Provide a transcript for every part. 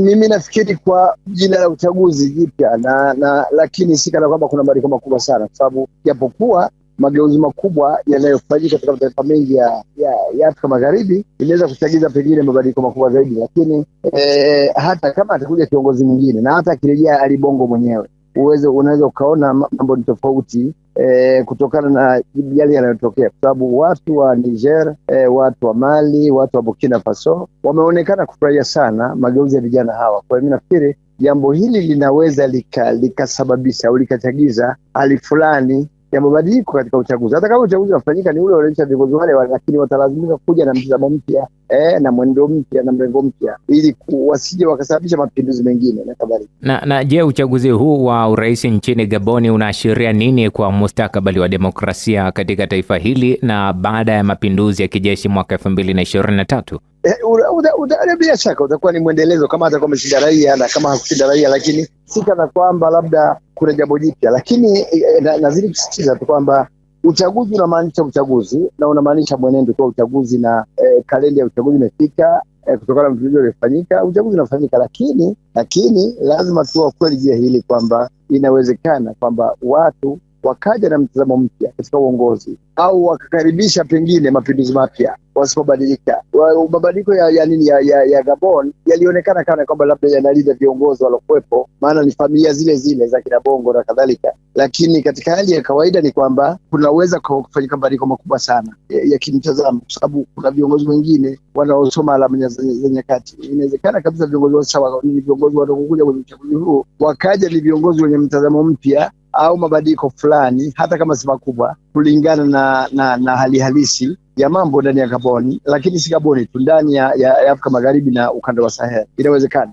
mimi nafikiri kwa jina la uchaguzi jipya na, na lakini si kana kwamba kuna mabadiliko makubwa sana, kwa sababu japokuwa mageuzi makubwa yanayofanyika katika mataifa mengi ya, ya, ya Afrika Magharibi inaweza kuchagiza pengine mabadiliko makubwa zaidi, lakini e, hata kama atakuja kiongozi mwingine na hata akirejea Alibongo mwenyewe uweze unaweza ukaona mambo ni tofauti e, kutokana na yale yanayotokea, kwa sababu watu wa Niger e, watu wa Mali, watu wa Burkina Faso wameonekana kufurahia sana mageuzi ya vijana hawa. Kwa hiyo mi nafikiri jambo hili linaweza likasababisha lika au likachagiza hali fulani ya mabadiliko katika uchaguzi, hata kama uchaguzi unafanyika ni ule unaonyesha viongozi wale, lakini watalazimika kuja na mtizamo mpya eh, na mwendo mpya na mrengo mpya ili wasije wakasababisha mapinduzi mengine na kadhalika. Na, na je, uchaguzi huu wa urais nchini Gaboni unaashiria nini kwa mustakabali wa demokrasia katika taifa hili na baada ya mapinduzi ya kijeshi mwaka elfu mbili na ishirini na tatu? Eh, bila shaka utakuwa ni mwendelezo, kama atakuwa ameshinda raia na kama hakushinda raia, lakini si kana kwamba labda kuna jambo jipya, lakini eh, nazidi kusisitiza tu kwamba Uchaguzi unamaanisha uchaguzi na unamaanisha mwenendo kwa uchaguzi na e, kalenda ya uchaguzi imefika e, kutokana na mtulizo uliofanyika, uchaguzi unafanyika, lakini lakini lazima tuwa kweli jia hili kwamba inawezekana kwamba watu wakaja na mtazamo mpya katika uongozi au wakakaribisha pengine mapinduzi mapya wasipobadilika. Mabadiliko ya, ya, ya, ya, ya Gabon yalionekana kana kwamba labda yanalinda viongozi waliokuwepo, maana ni familia zile zile za kina Bongo na kadhalika, lakini katika hali ya kawaida ni kwamba kunaweza kufanyika mabadiliko makubwa sana ya, ya kimtazamo, kwa sababu kuna viongozi wengine wanaosoma alama za nyakati. Inawezekana kabisa viongozi sawa ni viongozi wanaokuja kwenye uchaguzi huu wakaja ni viongozi wenye mtazamo mpya au mabadiliko fulani, hata kama si makubwa, kulingana na, na, na hali halisi ya mambo ndani ya Gaboni, lakini si Gaboni tu, ndani ya, ya Afrika Magharibi na ukanda wa Sahel. Inawezekana,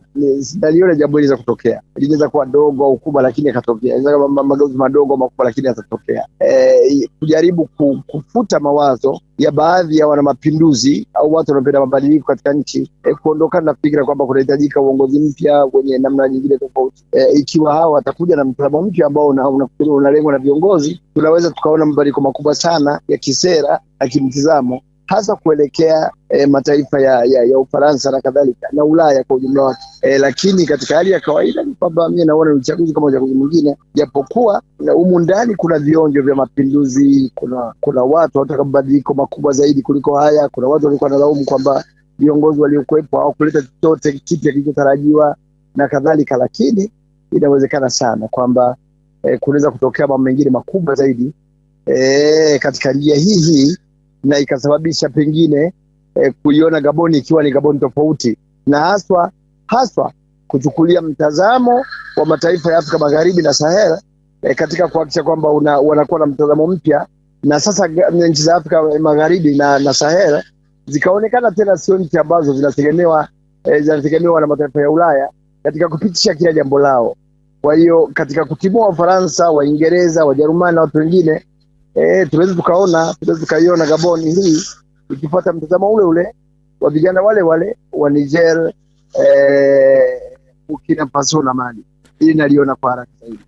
naliona jambo hili kutokea, linaweza kuwa dogo au kubwa, lakini yakatokea. Mageuzi madogo makubwa, lakini yatatokea. E, kujaribu kufuta mawazo ya baadhi ya wana mapinduzi au watu wanaopenda mabadiliko katika nchi e, kuondokana na fikira kwamba kunahitajika uongozi mpya wenye namna nyingine tofauti. E, ikiwa hawa watakuja na mtazamo mpya ambao unalengwa una, una, una na viongozi, tunaweza tukaona mabadiliko mabadiliko makubwa sana ya kisera na kimtizamo hasa kuelekea e, mataifa ya, ya, ya Ufaransa na kadhalika na Ulaya kwa ujumla wake. E, lakini katika hali ya kawaida ni kwamba mimi naona ni uchaguzi kama uchaguzi mwingine, japokuwa humu ndani kuna vionjo vya mapinduzi, kuna kuna watu wanataka mabadiliko makubwa zaidi kuliko haya. Kuna watu walikuwa wanalaumu kwamba viongozi waliokuwepo hawakuleta chochote kipya kilichotarajiwa na kadhalika, lakini inawezekana sana kwamba e, kunaweza kutokea mambo mengine makubwa zaidi e, katika njia hii hii na ikasababisha pengine e, kuiona Gaboni ikiwa ni Gaboni tofauti na haswa haswa kuchukulia mtazamo wa mataifa ya Afrika Magharibi na Sahel e, katika kuhakikisha kwamba wanakuwa na mtazamo mpya, na sasa nchi za Afrika Magharibi na, na Sahel zikaonekana tena sio nchi ambazo zinategemewa e, zinategemewa na mataifa ya Ulaya katika kupitisha kila jambo lao. Kwa hiyo katika kutimua Wafaransa, Waingereza, Wajerumani na watu wengine eh, tuweze tukaona tuweze tukaiona Gabon hii ikifuata mtazamo ule ule wa vijana wale wale wa Niger, eh, Burkina Faso na Mali. Hili naliona kwa haraka zaidi.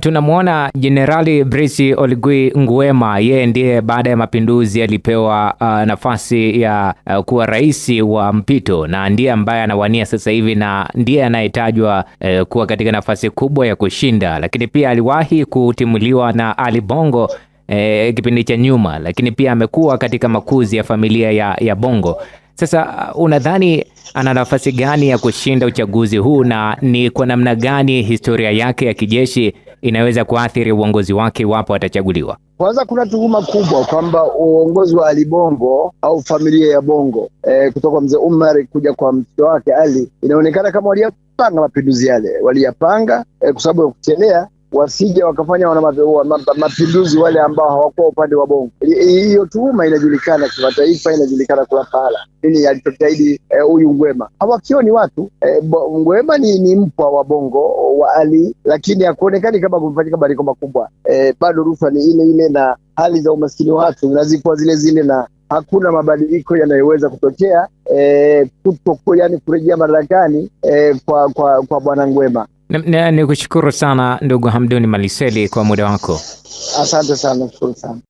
Tunamwona Jenerali Brice Oligui Nguema, yeye ndiye baada ya mapinduzi alipewa uh, nafasi ya uh, kuwa rais wa mpito na ndiye ambaye anawania sasa hivi na ndiye anayetajwa uh, kuwa katika nafasi kubwa ya kushinda, lakini pia aliwahi kutimuliwa na Ali Bongo eh, kipindi cha nyuma, lakini pia amekuwa katika makuzi ya familia ya, ya Bongo. Sasa uh, unadhani ana nafasi gani ya kushinda uchaguzi huu na ni kwa namna gani historia yake ya kijeshi inaweza kuathiri uongozi wake iwapo atachaguliwa? Kwanza kuna tuhuma kubwa kwamba uongozi wa Ali Bongo au familia ya Bongo e, kutoka kwa mzee Umar kuja kwa mtoto wake Ali inaonekana kama waliyapanga mapinduzi yale, waliyapanga e, kwa sababu ya kuchelea wasija wakafanya wana mapinduzi wale ambao hawakuwa upande wa Bongo. Hiyo tuhuma inajulikana kimataifa, inajulikana kula pahala nini alichojitahidi eh, huyu e, Ngwema hawakioni watu e, bo, Ngwema ni, ni mpwa wa Bongo wa Ali, lakini hakuonekani kama kumefanyika mabadiliko makubwa e, bado rushwa ni ile ile na hali za umaskini wa watu nazikuwa zile zile na hakuna mabadiliko yanayoweza kutokea e, kuto, yani kurejea madarakani e, kwa kwa, kwa Bwana Ngwema. Ni kushukuru sana ndugu Hamduni Maliseli kwa muda wako, asante sana, shukuru sana.